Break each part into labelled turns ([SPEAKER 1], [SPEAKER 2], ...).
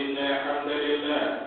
[SPEAKER 1] إن الحمد لله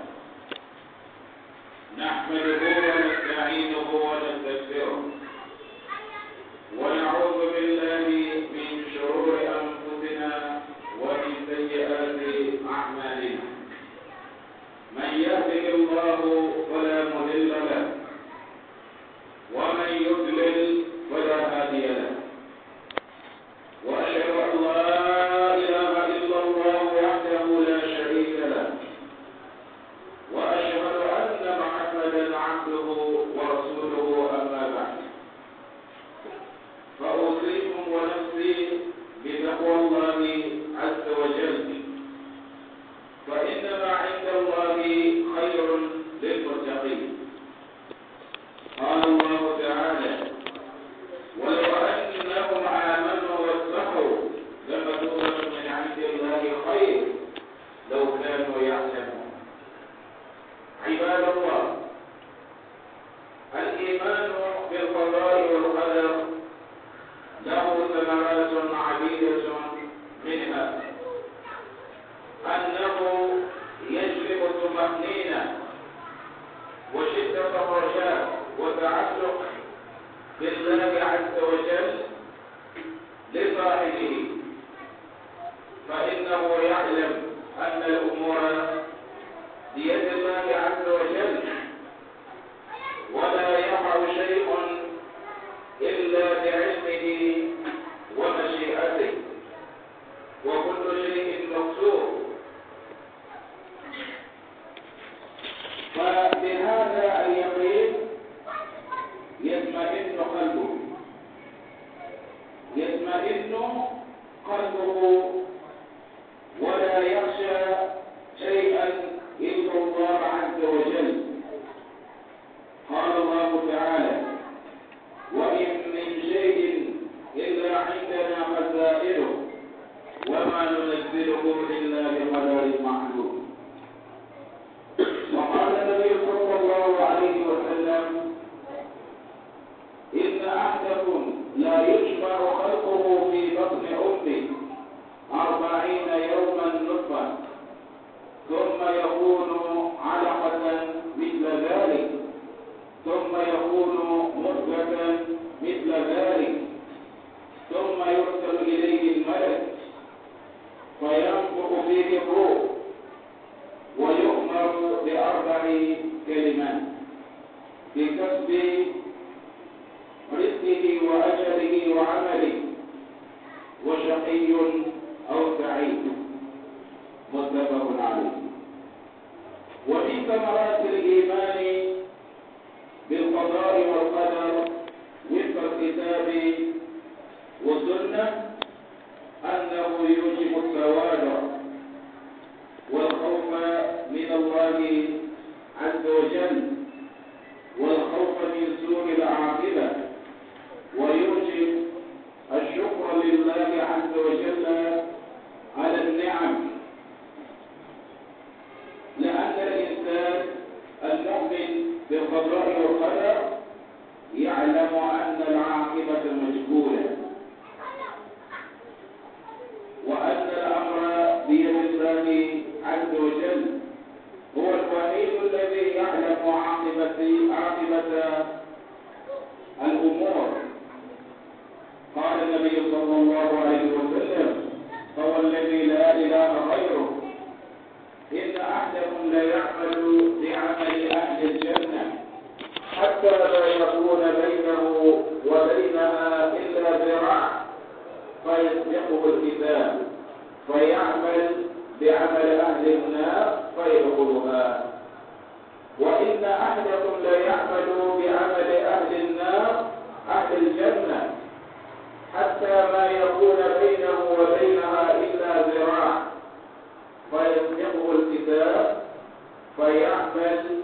[SPEAKER 1] يطمئن قلبه يطمئن قلبه ¡Gracias! الأمور قال النبي صلى الله عليه وسلم هو الذي لا إله غيره إن أحدكم ليعمل بعمل أهل الجنة حتى لا يكون بينه وبينها إلا ذراع فيسبقه الكتاب فيعمل بعمل أهل النار فيدخلها وإن أحدكم لا يعمل بعمل أهل النار أهل الجنة حتى ما يكون بينه وبينها إلا ذراع فيسبقه الكتاب فيعمل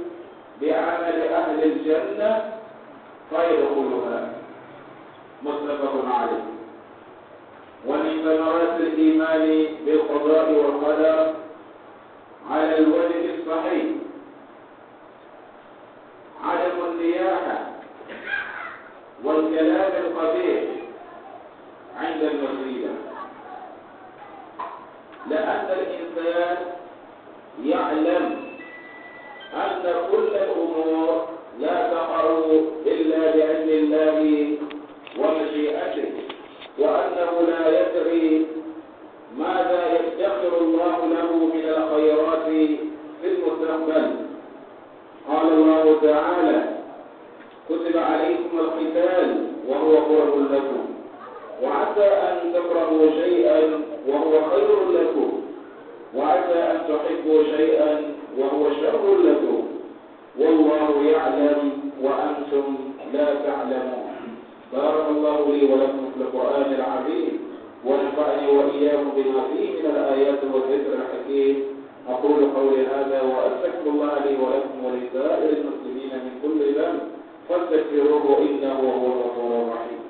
[SPEAKER 1] بعمل أهل الجنة فيدخلها متفق عليه ومن ثمرات الإيمان بالقضاء والقدر على الوجه الصحيح عدم النياحة والكلام القبيح عند المصيبة لأن الإنسان يعلم أن كل الأمور لا تقع إلا بأذن الله ومشيئته وأنه لا يدري ماذا يفتخر الله له من الخيرات في المستقبل قال الله تعالى كتب عليكم القتال وهو كره لكم وعسى أن تكرهوا شيئا وهو خير لكم وعسى أن تحبوا شيئا وهو شر لكم والله يعلم وأنتم لا تعلمون بارك الله لي ولكم في القرآن العظيم ونفعني وإياكم بما فيه من الآيات والذكر الحكيم أقول قولي هذا وأستغفر الله لي ولكم ولسائر المسلمين من كل ذنب فاستغفروه إنه هو الغفور الرحيم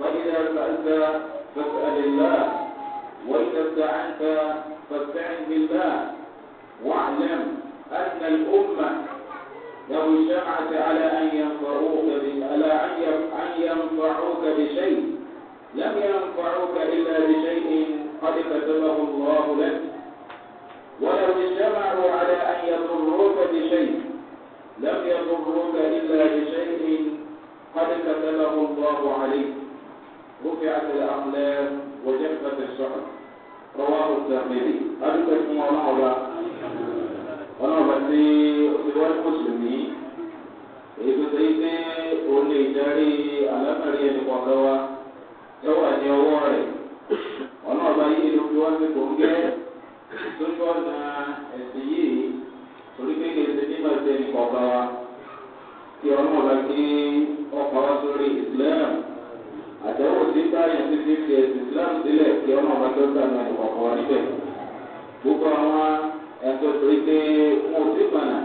[SPEAKER 1] فإذا سألت فاسأل الله وإذا استعنت فاستعن بالله واعلم أن الأمة لو اجتمعت على أن ينفعوك على أن ينفعوك بشيء لم ينفعوك إلا بشيء قد كتبه الله لك ولو اجتمعوا على أن يضروك بشيء لم يضروك إلا بشيء قد كتبه الله عليك رفعت الأقلام وجفت الشعر رواه الترمذي هذا كلمة ونعبة ونعبة في سواد المسلمين èyí tó yí pé òun lè darí alámọ̀rí ẹni kọ̀ọ̀kan wa lọ́wọ́ àti ọwọ́ rẹ̀ ọ̀nà ọba yìí ló fi wá sí gbòǹgẹ́ sójú ọ̀nà ẹ̀sìn yìí torí pé kì í ṣe nígbà tí ẹni kọ̀ọ̀kan wa kí ọ̀nà ọba kí ọkọ̀ wa sórí ìsìlẹ́mù ti ẹ̀sìn islam sílẹ̀ kí ọmọ ọba tó gbà náà ìkọ̀kọ̀ níbẹ̀. gbogbo àwọn ẹ̀sọ́ pé pé wọn ò sí gbànà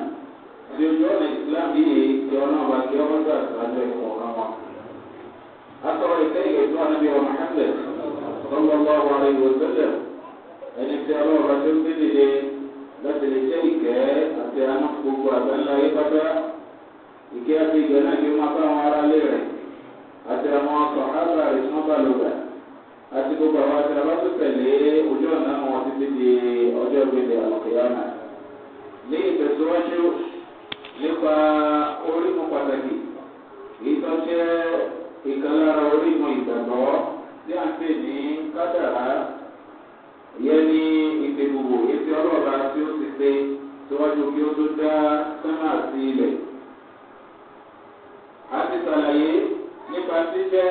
[SPEAKER 1] tí ojú ọ̀nà islam yìí kí ọmọ ọba kí ọmọ gbà sáájú ẹ̀kọ́ kan wọn. asọ̀rọ̀ ìfẹ́ ìgbẹ́jọ́ anábì ọmọ hamlet lọ́gbọ́gbọ́ àwọn ìwò sẹ́lẹ̀ ẹni tí ọlọ́ọ̀ba tó gbé dìde láti lè jẹ́ ìkẹ́ àti àánú gbogbo àgbáńlá yìí pátá ìkẹ́ àti ìgbẹ́ náà ni ó máa bá àwọn aráalé rẹ̀ àti àwọn sọ̀hábà àti gbogbo àwọn àti aláṣọ tẹ̀lé ojú ọ̀nà wọn títí di ọjọ́ ìgbélé àlọ́kẹ́yàmà. ní ìtẹ̀síwájú nípa orígun pàtàkì ìtọ́jẹ́ ìkànlára orígun ìgbàgbọ́ tí a ń pè ní kádàrá ìyẹn ní ìpè gbogbo ètò ọlọ́ọ̀bá tí ó ti pé síwájú kí ó tó dá sánà sí ilẹ̀. a ti sàlàyé nípa jíjẹ́.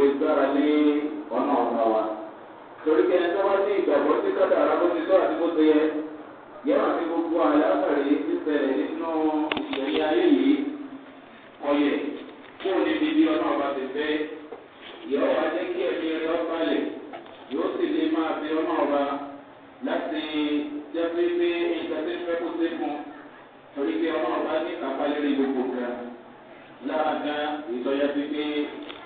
[SPEAKER 1] lè gbára lé ọ̀nà ọ̀gá wa. torí kí ẹni tó bá ní ìgbàgbọ́ sí kọ́dà ara bó ti tó àti bó ti yẹ yẹ́n àti gbogbo àlàáfàrí ti bẹ̀rẹ̀ nínú ìṣẹ̀lẹ̀ ayé yìí ọ̀yẹ̀ kó o níbi bí ọ̀nà ọ̀gá ti fẹ́ yọ wá jẹ́ kí ẹ̀mí rẹ̀ ọ́ balẹ̀ yóò sì lè máa fi ọ̀nà ọ̀gá láti jẹ́ pé pé ìtàkùn kó sé torí pé ọ̀nà ọ̀gá ní kápá gbogbo kan lára gan ìtọ́jà pípé.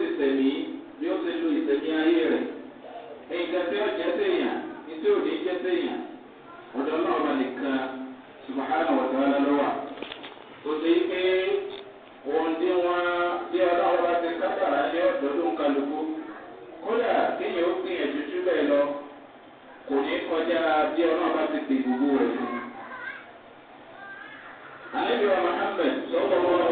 [SPEAKER 1] ti sẹ̀mí bí ó ti lu ìsẹ̀mí ayé rẹ̀ nǹkan tí ó jẹ́ sèyàn ní tí ò ní jẹ́ sèyàn ọ̀dọ́ náà nìkan subahana wa ta'ala ló wà tí wọ́n bí ọlọ́run bá ti kábàrà ní ọ̀dọ́ ló ń kálukú kódà kéèyàn ó gbìyànjú jù bẹ́ẹ̀ lọ kò ní kọjá bí ọlọ́run bá ti pè gbogbo rẹ̀ fún àlejò sọ́kọ̀ọ́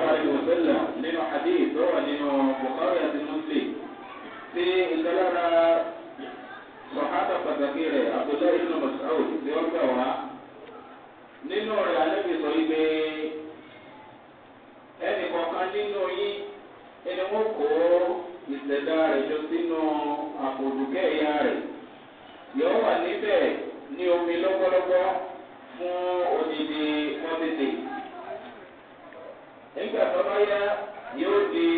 [SPEAKER 1] sallam nínú hadith tó wà nínú bukhari àti muslim tí ìtọ́lára sọ̀hátà pàtàkì rẹ̀ abdullahi ibn mas'ud tí wọ́n gbà wá nínú rẹ̀ alẹ́bí sọ yí pé ẹnì kọ̀ọ̀kan nínú yín ẹni wọ́n kó ìṣẹ̀dá rẹ̀ jọ sínú àpòdùkẹ́ ìyá rẹ̀ yóò wà níbẹ̀ ní omi lọ́pọ̀lọpọ̀ fún odidi wọ́n tètè
[SPEAKER 2] nígbà tó bá yá yóò di.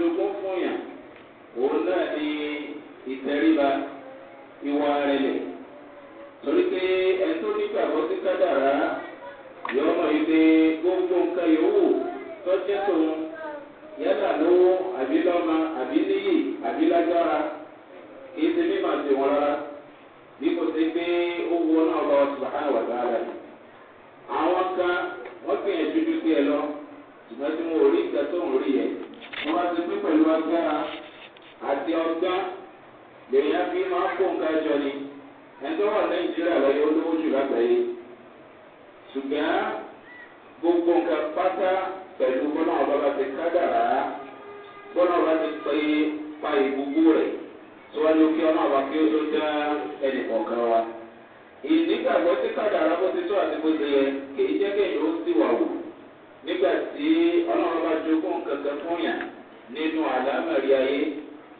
[SPEAKER 1] jogún funya yàn òun náà ni ìtẹríba ìwà rẹlẹ̀ torí pé ẹtún nígbàgbọ́ sí kádàrá yọọ mọ̀ yìí gbogbo nǹkan yòówù tọ́jẹ́ tòun yálà lówó àbí lọ́mọ àbí kìí ṣe mímọ̀ sí wọn rárá bí kò sí pé ó náà lọ subahana wà dáadáa yìí. àwọn kan wọ́n gbìyànjú ju lọ ṣùgbọ́n tí mo rí ìgbà tó ń rí yẹn. wá ti pín pẹ̀lú agbára àti ọgbá lèèyàn fi máa kó nǹkan jọ ni ẹjọ́ wà nàìjíríà lọ́yẹ olówó jù lágbàáyé ṣùgbọ́n gbogbo nǹkan pátá pẹ̀lú bọ́lá ọba bá ti kádàrá bọ́lá ọba ti pè é pa ìgbogbo rẹ̀ síwájú kí kí ó tó dá ẹnì kọ̀ọ̀kan wa. ìdígbàgbọ́ tí kádàrá bó ti tó àti bó ti yẹ kì í jẹ́ nígbà tí ọlọ́run bá jogún kankan fún yàn nínú àlámẹ̀rí ayé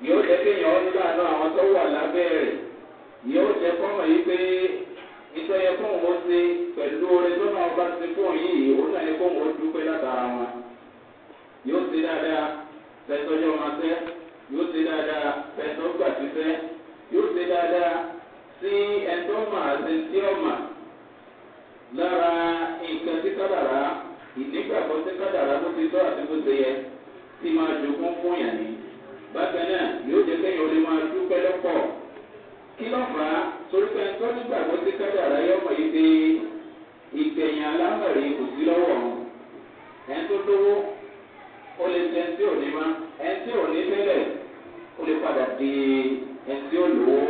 [SPEAKER 1] yóò jẹ́ kéèyàn ó nígbà náà àwọn tó wà lábẹ́ rẹ̀ yóò jẹ́ fọ́mọ̀ yìí pé iṣẹ́ yẹ fún òun ṣe pẹ̀lú orin tó náà bá ti fún yìí òun náà yẹ fún òun dúpẹ́ látara wọn yóò ṣe dáadáa lẹ́tọ́jọ́ máa tẹ́ yóò ṣe dáadáa lẹ́tọ́ gbà títẹ́ yóò ṣe dáadáa sí ẹ̀tọ́ àti tí lára nǹkan tí kádàrá ìnígbàgbọ́ sí kádàrá ló ti tọ́ àti bó ṣe yẹ tí máa jogún fún yàn ní. bákan náà yóò jẹ́ kéèyàn ó lè máa dúpẹ́ lọ́pọ̀. kí ló fà á torí pé ẹ̀ńtọ́ nígbàgbọ́ sí kádàrá yọ̀mọ̀ yìí pé ìgbẹ̀yìn alámọ̀rẹ́ kò sí lọ́wọ́ ọ̀hún. ẹ̀ńtọ́ lówó ó lè ṣe ẹ̀ńtí òní má ẹ̀ńtí òní tẹ́lẹ̀ ó lè padà di ẹ̀ńtí òlówó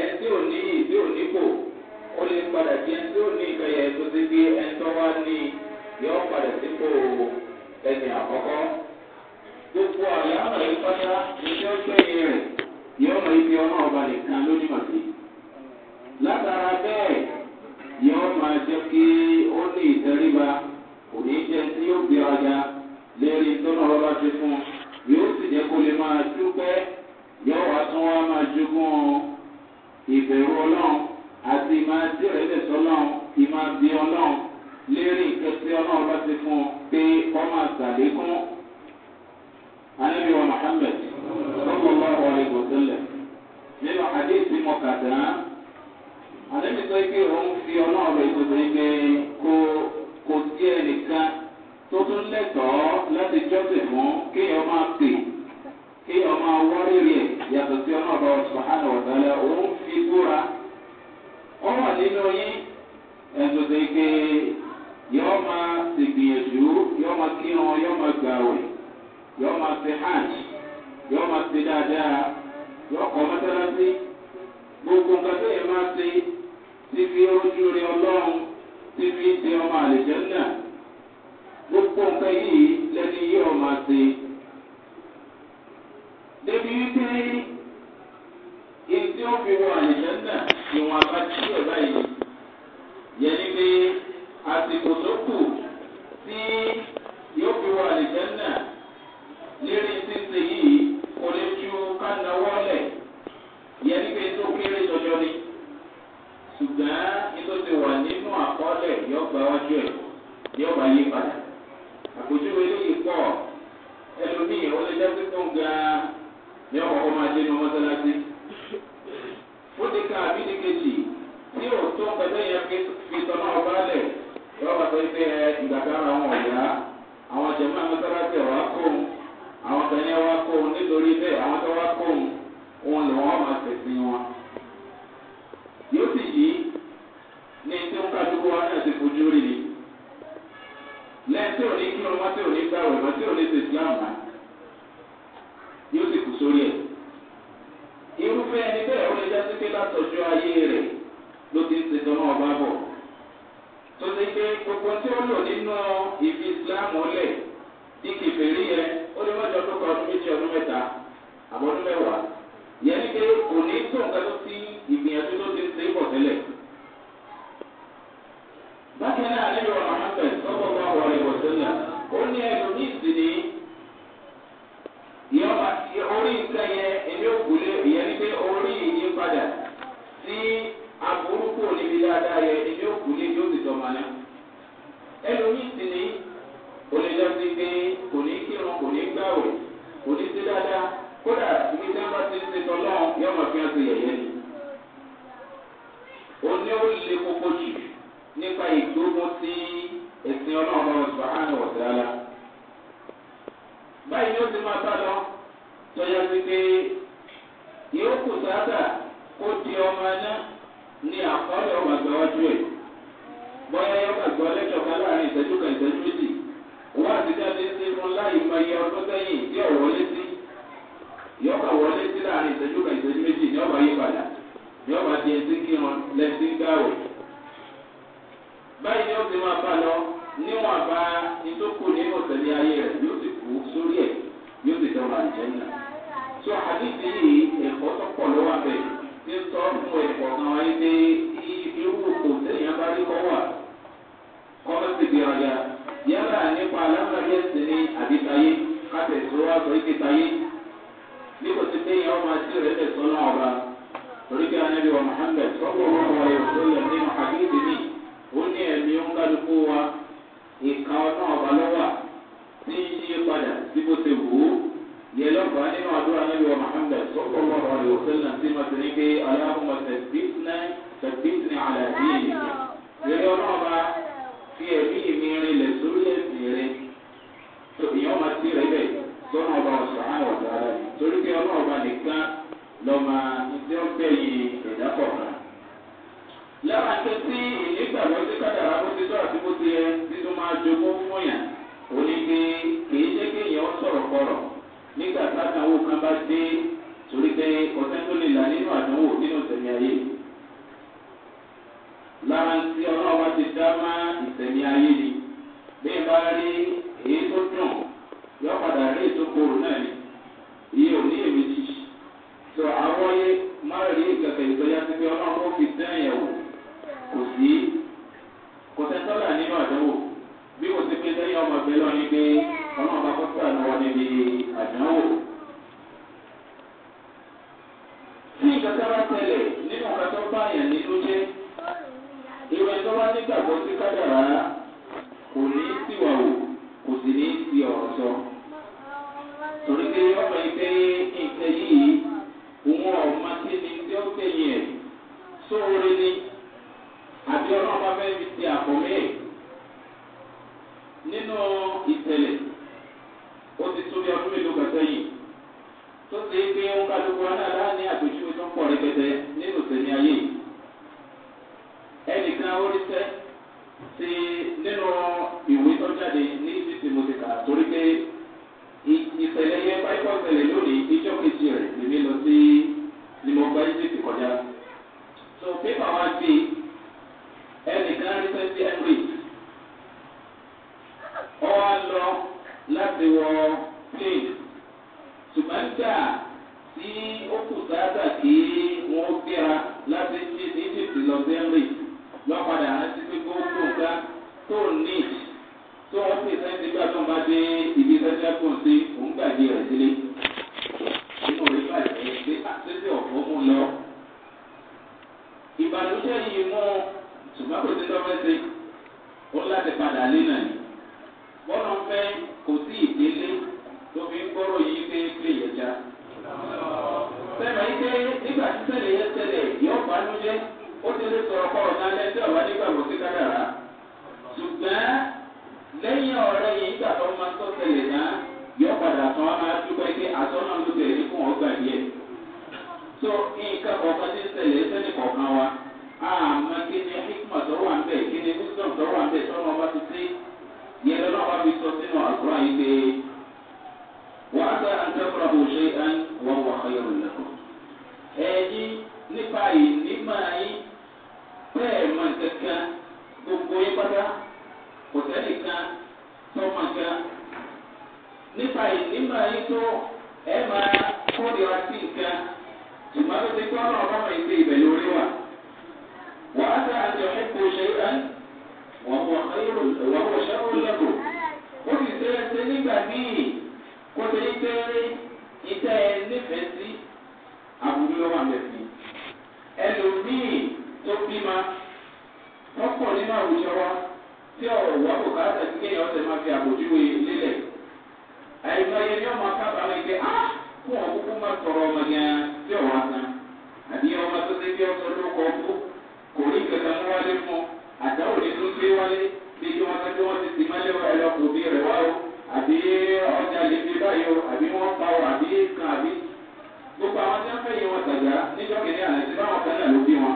[SPEAKER 1] ẹ̀ńtí òní yìí tí òní kò ó lè padà jẹ́ tí ó ní ìfẹ́ yẹn tó ti gbé ẹ̀ńtọ́ wá ní yọ padà sípò ẹni àkọ́kọ́. gbogbo àyà àyè pátá iṣẹ́ ọ̀gbẹ́yìn rẹ̀ yọ mọ ibi ọmọ ọba nìkan lónìí màsí. látara bẹ́ẹ̀ yọ máa jẹ́ kí ó ní ìtẹríba kò ní jẹ́ tí yóò gbé ọjà lérí tọ́nà ọba ti fún yóò sì jẹ́ kó lè máa dúpẹ́ yọ wá tún wá máa jogún ìbẹ̀rù ọlọ́run àti ìmọ̀ tí ọ̀rẹ́ lè sọ náà ìmọ̀ bí ọlọ́run lérí nǹkan tí ọlọ́run bá ti fún un pé wọ́n máa ṣàlékún. anábìwọ̀n muhammed sọ́kọ̀ bá ọ̀rẹ́ gòtẹ́lẹ̀ nínú àdéhùn mọ̀kàdá àdébìtọ́ pé òun fi ọlọ́run rẹ̀ gbogbo ẹgbẹ́ kó kò sí ẹnìkan tó tún lẹ́tọ̀ọ́ láti jọ́sìn fún kéèyàn máa pè kéèyàn máa wọ́rẹ́rẹ́ yàtọ̀ sí ọlọ́run wọ́n wà nínú yín ẹ̀dọ̀dọ̀ ike yọ ma ṣègbìyànjú yọ́ ma kírun yọ́ ma gbàwẹ̀ yọ́ ma ṣe hajj yọ́ ma ṣe dáadáa yọ́ kọ́ mọ́tálásí gbogbo nǹkan tó yẹ máa ṣe ti fi ojú rẹ ọlọ́run ti fi ṣe ọmọ àlejò náà gbogbo nǹkan yìí lẹ́ni yóò máa ṣe. débi wípé ìdí fi wọ àlejò náà. ìwọ̀n abájú ẹ̀ báyìí yẹn ni pé àsìkò tó kù tí yóò fi wọ àlìjẹ́nà lérí títí yìí kò lè ju ká náwó lẹ̀ yẹn ni pé tó kéré jọjọ ni ṣùgbọ́n nítorí ti wà nínú àkọọ́lẹ̀ yóò gba wájú ẹ̀ yóò bá yí padà àpèjúwe eléyìí pọ̀ ẹlòmíì ó lè jẹ́ pípọ́n gan-an ní ọ̀pọ̀ máa dé ní ọmọdé láti ó ní ká àbí ní kejì tí ò tó pẹ̀lẹ́ yẹn fi tọ́nà ọba lẹ̀ lọ́ba tó ń pẹ́ ìgbàgbára àwọn ọ̀yá àwọn jẹ̀mọ́ àmọ́tárá tẹ̀ ó ṣe kókó jù nípa ìdógún sí ẹ̀sìn ọlọ́run ọ̀sùn àánú ọ̀dàlá. báyìí ni ti máa bá lọ sí pé yóò kù sáàtà kó di ọmọ ní àkọọ́lẹ̀ ọmọ ẹ̀. bọ́yá yóò gbàgbọ́ láàrin méjì wọ́n sí fún láì mọ iye ọdún sẹ́yìn tí wọlé sí wọlé sí láàrin méjì ní ọ̀bà ní ọ̀bà di ga na báyìí ni ó ti máa bá lọ níwọ̀n bá ìtókù ní ọ̀tẹ̀lẹ̀ ayé rẹ̀ yóò ti kú sórí ẹ̀ yóò ti dọ̀rọ̀ àjẹ́nà tó àdídì ẹ̀kọ́ tó pọ̀ ló wà bẹ́ẹ̀ sọ fún ẹ̀kọ́ kan wáyé pé irú kò sẹ́yìn abárí kọ́ wà kọ́ ló ti di yálà nípa alámọ̀lẹ́ ní àdìtayé sọ ìkẹtayé oríkì anábì wa muhammed sọ́kùnrin wọn wáyé òṣèlú nínú àdídì mi ó ní ẹ̀mí ó ń kálukú wa ìka ọ̀nà ọ̀bà lọ́wà tí ń yí padà sí bó ti wù ú yẹ lọ́fàá nínú àdúrà anábì wa muhammed sọ́kùnrin wọn wáyé òṣèlú tí ma ti ní pé aláhùnmọ̀ tẹ̀síìsì àlàyé ìrẹ́ ọ̀nà ọba fi ẹ̀mí mi rinlẹ̀ sórí ẹ̀sìn rẹ̀ ìyọ́n ma ti rẹ̀ bẹ̀ sọ́nà ọba ọ̀sán àwọn ọ̀gá rẹ̀ torí pé ọlọ́ọ̀ba nìkan lọ́mọ ìdí ọ̀gbẹ́ yìí ẹ̀dá kọ̀ọ̀kan. lára ṣe tí ìnígbàgbọ́ sí kádàrá bó ti tọ́ àti bó ti yẹ títún máa jogún fún yàn ó ní pé kìí ṣe kí èèyàn sọ̀rọ̀ kọ̀rọ̀ nígbà tákàwọ́ kan bá dé torí pé ọ̀sẹ̀ tó lè là nínú àdánwò nínú ìsẹ̀mí ayé. lára tí ọlọ́wọ́ ti dá má ìsẹ̀mí ayé ni bí bá rí èyí tó dùn gbà díẹ̀. so nǹkan kọ̀ọ̀kan ti ń ṣẹlẹ̀ sẹ́ni kọ̀ọ̀kan wa àmọ́ kí. wáyé ní ọmọ akábàárà yìí pé á fún ọkùnkù má tọrọ ọmọ yẹn tí ò wá san àbí ọmọ tó dé bí ọsọ ló kọ kú kò rí kankan mú wálé fún àdáwò ní tó gbé wálé bí kí wọn kájọ wọn ti ti má léwà ẹ lọkùn bí rẹ wá o àbí ọjà lè fi báyìí o àbí wọn pa o àbí kan àbí gbogbo àwọn tí wọn fẹ́ yẹ wọn tàgbà níjọ́ kìnìún àná ti báwọn kan náà ló bí wọn.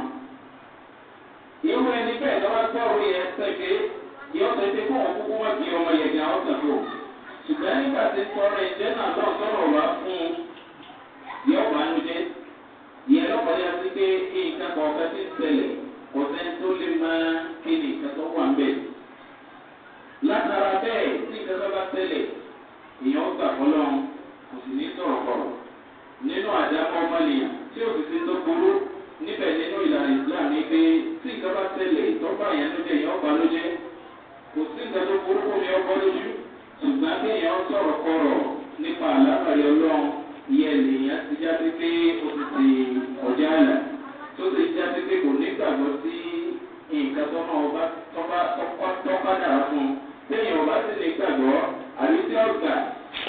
[SPEAKER 1] ìwé ẹni bẹ́ẹ̀ lọ́wọ́ gbọ́ orí ẹ̀ sẹ́gbẹ́ yọ̀ọ́ sẹ́gbẹ́ fún òkúkú wọn kì í ọmọ yẹ̀gẹ̀ àwọn sàn fún òkú ṣùgbọ́n nígbà tí tọrọ ìjẹ́ náà náà tọrọ wá fún yọ bànújẹ́ ìyẹn lọ́kọ̀ yá sí pé nǹkan kọ̀ọ̀kan ti ṣẹlẹ̀ kò sẹ́ni tó lè máa kí ni nǹkan tó wà ń bẹ̀. látara bẹ́ẹ̀ tí nǹkan tó bá ṣẹlẹ̀ èèyàn ó gbà fọlọ́ kò sì ní sọ̀rọ̀ kọ̀rọ̀ nínú àdámọ́ ọmọnìyàn tí ò sì ti tó burú níbẹ̀ nínú ìlànà ìsìlám ni pé tí nǹkan bá ṣẹlẹ̀ ìtọ́gbà yẹn ló jẹ́ èèyàn ó bànújẹ́ kò sí nǹkan tó burú kó mi ọkọ̀ lójú ṣùgbọ́n bí èèyàn ń sọ̀rọ̀ kọ̀rọ̀ nípa àlámọ̀rí ọlọ́run ìyẹn lèèyàn ti jáde pé o ti ti ọjà àlà tó ti jáde pé kò nígbàgbọ́ sí nǹkan tó náà ọba tọ́ka dára fún un téèyàn ọba sì ní gbàgbọ́ àbí tí ọ̀gá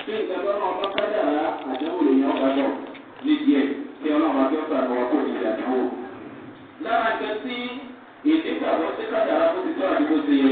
[SPEAKER 1] tí nǹkan tó náà ọba ká dára àdéhùn lèèyàn ọba bọ̀ nídìí ẹ̀ tí ọlọ́run àti ọ̀gá àbọ̀wá kò ní lára nǹkan tí ìdígbàgbọ́ sí kádàrá bó ti tọ́ àdúgbò ti yẹ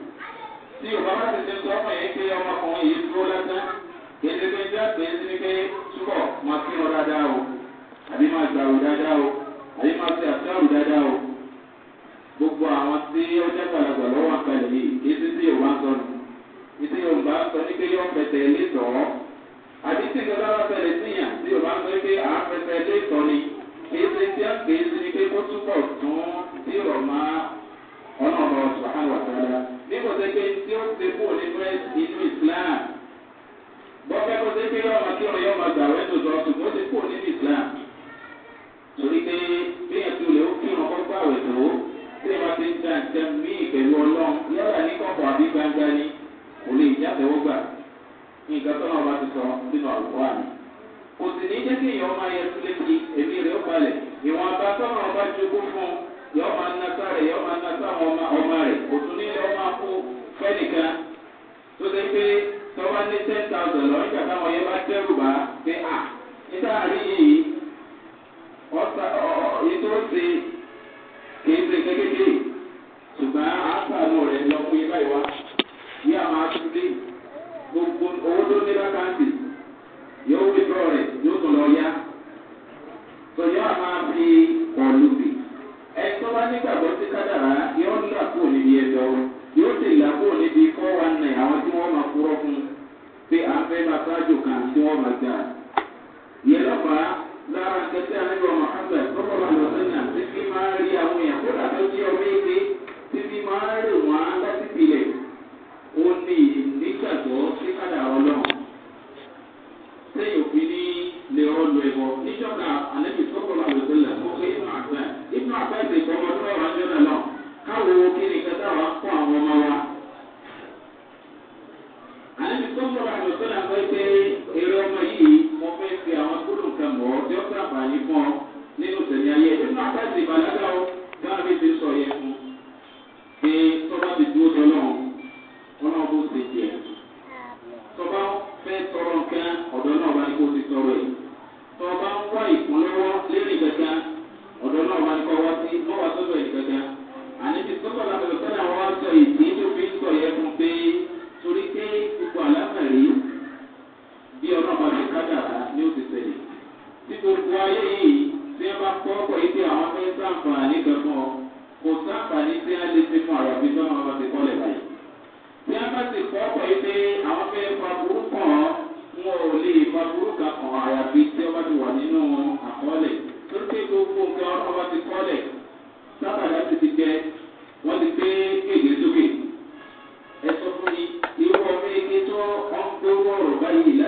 [SPEAKER 1] ní ìwà bá ti ṣe sọ ọmọ yẹn pé ọmọkùnrin yìí dúró lásán èdè pé bí àgbẹ̀ yẹn ti ní pé túbọ̀ máa kí wọn dáadáa o àbí máa gbàrú dáadáa o àbí máa ṣe àtẹ́rù dáadáa o gbogbo àwọn tí ó jẹ́ gbàlagbà lọ́wọ́ àkàlẹ̀ yìí ètí tí yóò wá sọ nù ètí yóò bá sọ ní pé yóò fẹsẹ̀ ten thousand lọ́wọ́ nígbà táwọn yẹn bá dẹ́rù bá pé à níta àríyìn àdúgbò sọ́nà pé pé èrè ọmọ yìí mo fẹ́ fi ouro, vai